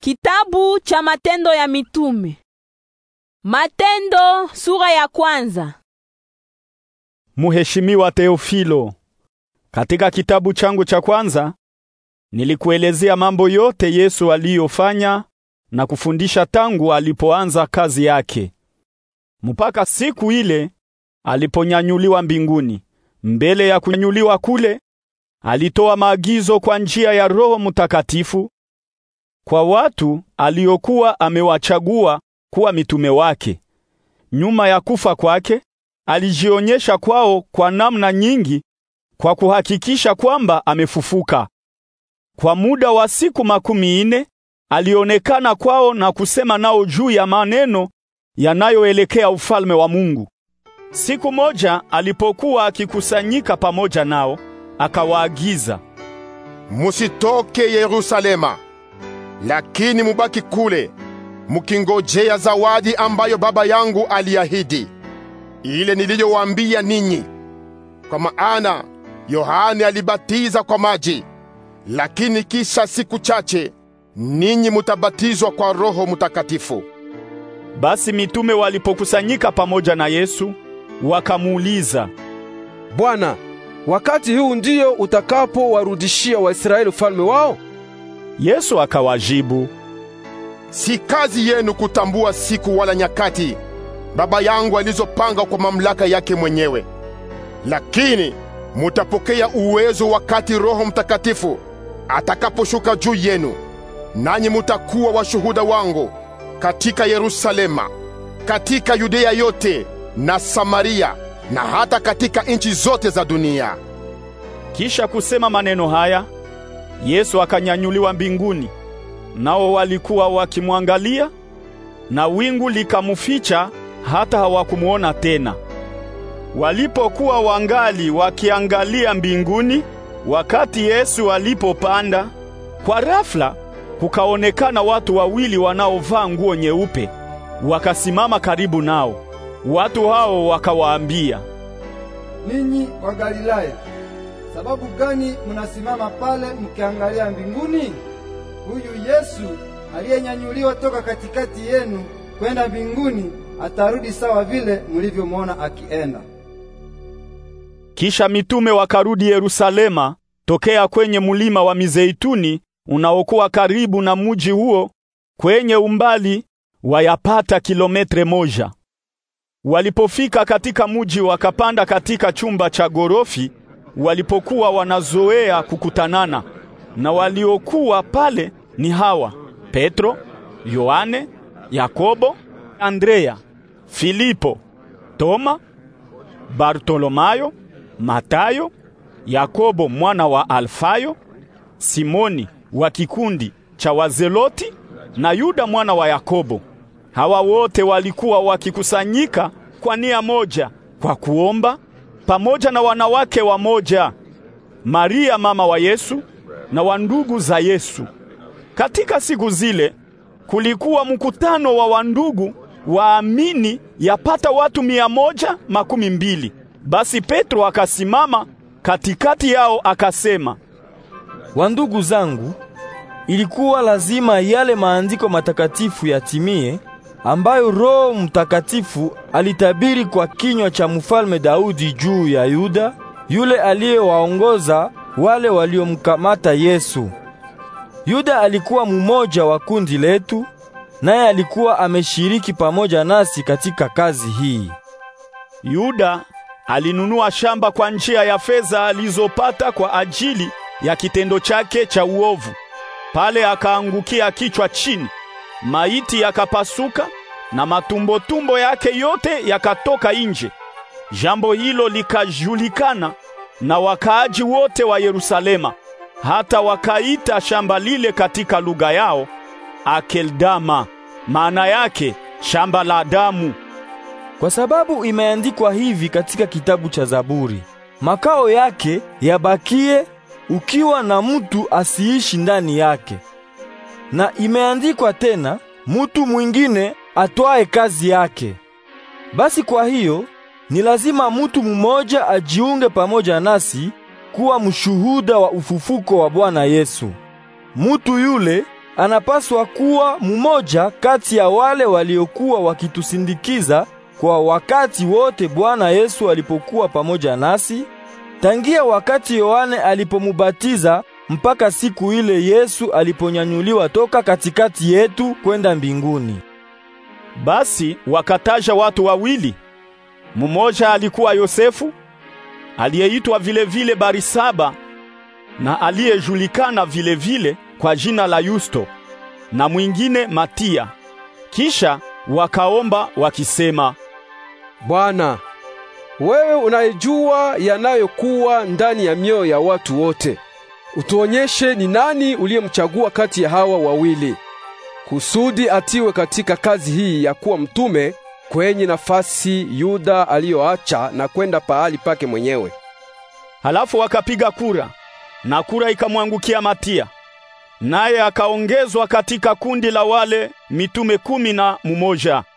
Kitabu cha Matendo ya Mitume. Matendo sura ya kwanza. Mheshimiwa teofilo katika kitabu changu cha kwanza nilikuelezea mambo yote Yesu aliyofanya na kufundisha tangu alipoanza kazi yake mpaka siku ile aliponyanyuliwa mbinguni. Mbele ya kunyanyuliwa kule, alitoa maagizo kwa njia ya Roho Mtakatifu kwa watu aliokuwa amewachagua kuwa mitume wake. Nyuma ya kufa kwake alijionyesha kwao kwa namna nyingi, kwa kuhakikisha kwamba amefufuka. Kwa muda wa siku makumi ine alionekana kwao na kusema nao juu ya maneno yanayoelekea ufalme wa Mungu. Siku moja alipokuwa akikusanyika pamoja nao, akawaagiza, musitoke Yerusalema lakini mubaki kule mkingojea zawadi ambayo Baba yangu aliahidi, ile niliyowaambia ninyi. Kwa maana Yohane alibatiza kwa maji, lakini kisha siku chache ninyi mutabatizwa kwa Roho Mtakatifu. Basi mitume walipokusanyika pamoja na Yesu, wakamuuliza, Bwana, wakati huu ndio utakapowarudishia Waisraeli ufalme wao? Yesu akawajibu, si kazi yenu kutambua siku wala nyakati Baba yangu alizopanga kwa mamlaka yake mwenyewe, lakini mutapokea uwezo wakati Roho Mtakatifu atakaposhuka juu yenu, nanyi mutakuwa washuhuda wangu katika Yerusalema, katika Yudea yote na Samaria na hata katika nchi zote za dunia. Kisha kusema maneno haya Yesu akanyanyuliwa mbinguni, nao walikuwa wakimwangalia, na wingu likamuficha hata hawakumuona tena. Walipokuwa wangali wakiangalia mbinguni, wakati Yesu alipopanda, kwa rafla kukaonekana watu wawili wanaovaa nguo nyeupe wakasimama karibu nao. Watu hao wakawaambia, ninyi wa Galilaya, sababu gani munasimama pale mkiangalia mbinguni? Huyu Yesu aliyenyanyuliwa toka katikati yenu kwenda mbinguni atarudi sawa vile mulivyomwona akienda. Kisha mitume wakarudi Yerusalema tokea kwenye mulima wa Mizeituni unaokuwa karibu na muji huo kwenye umbali wayapata kilometre moja. Walipofika katika muji wakapanda katika chumba cha gorofi walipokuwa wanazoea kukutanana, na waliokuwa pale ni hawa: Petro, Yohane, Yakobo, Andrea, Filipo, Toma, Bartolomayo, Matayo, Yakobo mwana wa Alfayo, Simoni wa kikundi cha Wazeloti na Yuda mwana wa Yakobo. Hawa wote walikuwa wakikusanyika kwa nia moja kwa kuomba pamoja na wanawake wamoja, Maria mama wa Yesu na wandugu za Yesu. Katika siku zile kulikuwa mkutano wa wandugu waamini yapata watu mia moja makumi mbili. Basi Petro akasimama katikati yao akasema, wandugu zangu, ilikuwa lazima yale maandiko matakatifu yatimie ambayo Roho Mtakatifu alitabiri kwa kinywa cha mfalme Daudi juu ya Yuda, yule aliyewaongoza wale waliomkamata Yesu. Yuda alikuwa mumoja wa kundi letu, naye alikuwa ameshiriki pamoja nasi katika kazi hii. Yuda alinunua shamba kwa njia ya fedha alizopata kwa ajili ya kitendo chake cha uovu. Pale akaangukia kichwa chini maiti yakapasuka na matumbotumbo yake yote yakatoka nje. Jambo hilo likajulikana na wakaaji wote wa Yerusalema, hata wakaita shamba lile katika lugha yao Akeldama, maana yake shamba la damu, kwa sababu imeandikwa hivi katika kitabu cha Zaburi: makao yake yabakie, ukiwa na mtu asiishi ndani yake. Na imeandikwa tena, mutu mwingine atwae kazi yake. Basi kwa hiyo ni lazima mutu mmoja ajiunge pamoja nasi kuwa mshuhuda wa ufufuko wa Bwana Yesu. Mutu yule anapaswa kuwa mmoja kati ya wale waliokuwa wakitusindikiza kwa wakati wote Bwana Yesu alipokuwa pamoja nasi, tangia wakati Yohane alipomubatiza mpaka siku ile Yesu aliponyanyuliwa toka katikati yetu kwenda mbinguni. Basi wakataja watu wawili. Mumoja alikuwa Yosefu aliyeitwa vilevile Barisaba na aliyejulikana vilevile kwa jina la Yusto na mwingine Matia. Kisha wakaomba wakisema, Bwana, wewe unayejua yanayokuwa ndani ya mioyo ya watu wote utuonyeshe ni nani uliyemchagua kati ya hawa wawili, kusudi atiwe katika kazi hii ya kuwa mtume kwenye nafasi Yuda aliyoacha na kwenda pahali pake mwenyewe. Halafu wakapiga kura, na kura ikamwangukia Matia, naye akaongezwa katika kundi la wale mitume kumi na mumoja.